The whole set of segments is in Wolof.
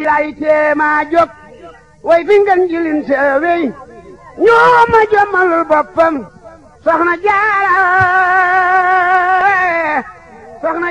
lay teema jóg way fi ngeen jilin seewey ñoo soxna jaara soxna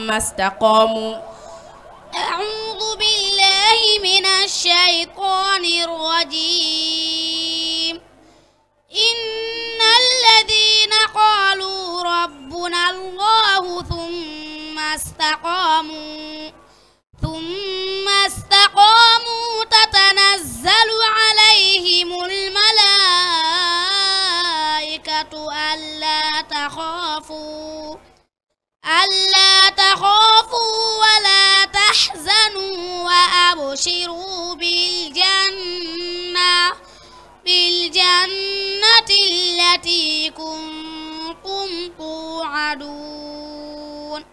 ثم استقاموا أعوذ بالله من الشيطان الرجيم إن الذين قالوا ربنا الله ثم استقاموا ثم استقاموا تتنزل عليهم الملائكة ألا تخافوا ألا تخافوا ولا تحزنوا وأبشروا بالجنة بالجنة التي كنتم توعدون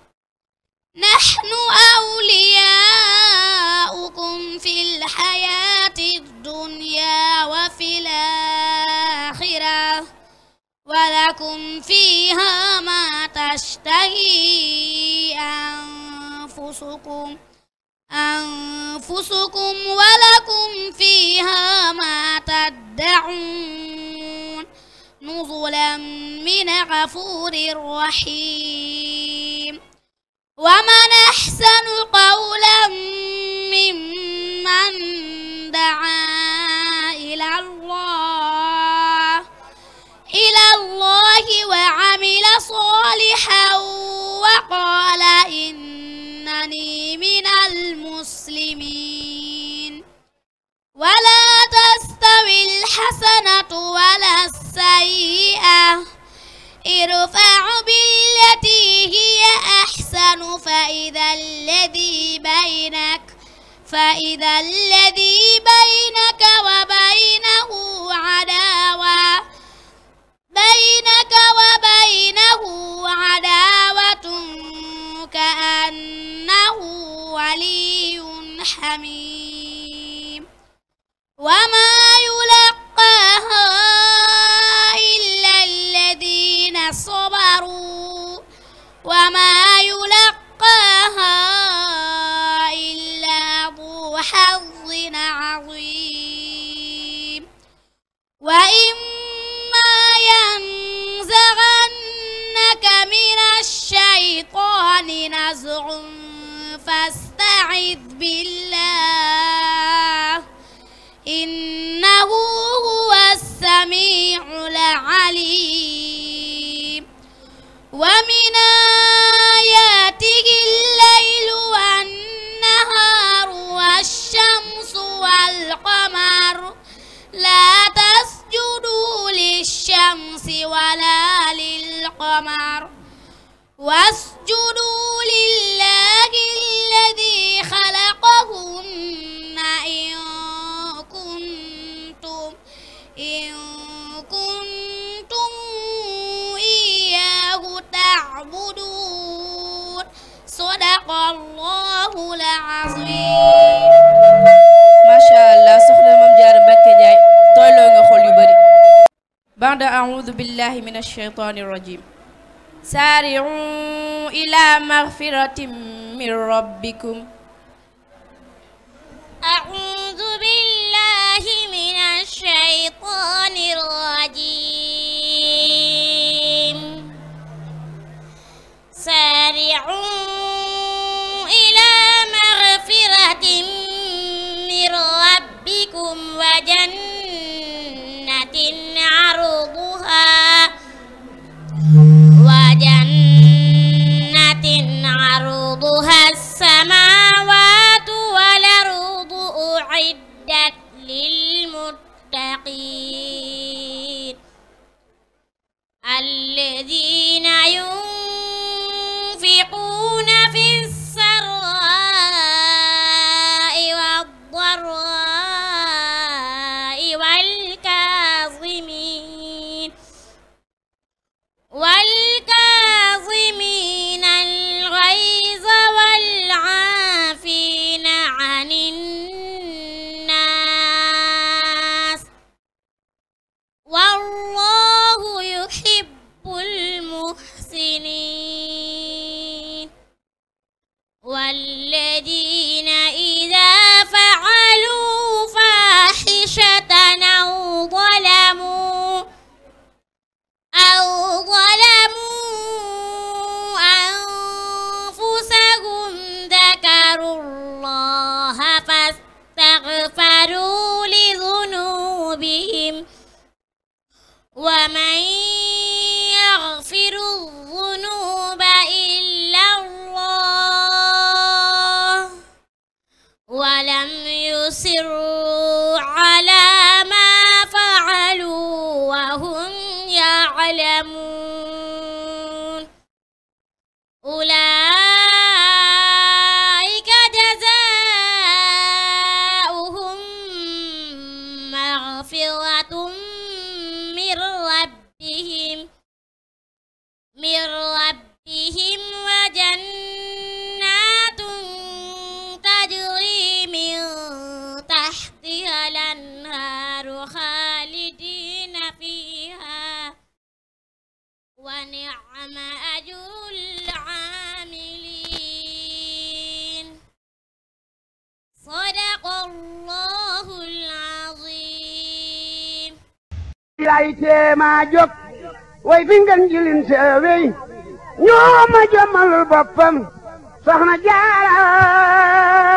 نحن أولياؤكم في ولكم فيها ما تشتهي أنفسكم أنفسكم ولكم فيها ما تدعون نزلا من غفور رحيم ومن أحسن قولا الله وعمل صالحا وقال إنني من المسلمين ولا تستوي الحسنة ولا السيئة ارفع بالتي هي أحسن فإذا الذي بينك فإذا الذي عظيم واسجدوا لله الذي خلقهن إن كنتم إن كنتم إياه تعبدون صدق الله العظيم ما شاء الله soxna Mame Diarra Mbacké Ndiaye tolloo nga xol yu bari بعد أعوذ بالله من الشيطان الرجيم saari'u ila maghfiratin min rabbikum a'udhu billahi minash shaytanir rajim saari'u الذين ومن يغفر الذنوب إلا الله ولم يصروا على ما فعلوا وهم يعلمون أولئك مغفرة lay teema jóg way fi ngeen jilin seewey ñoo ma jommalul boppam soxna Jaara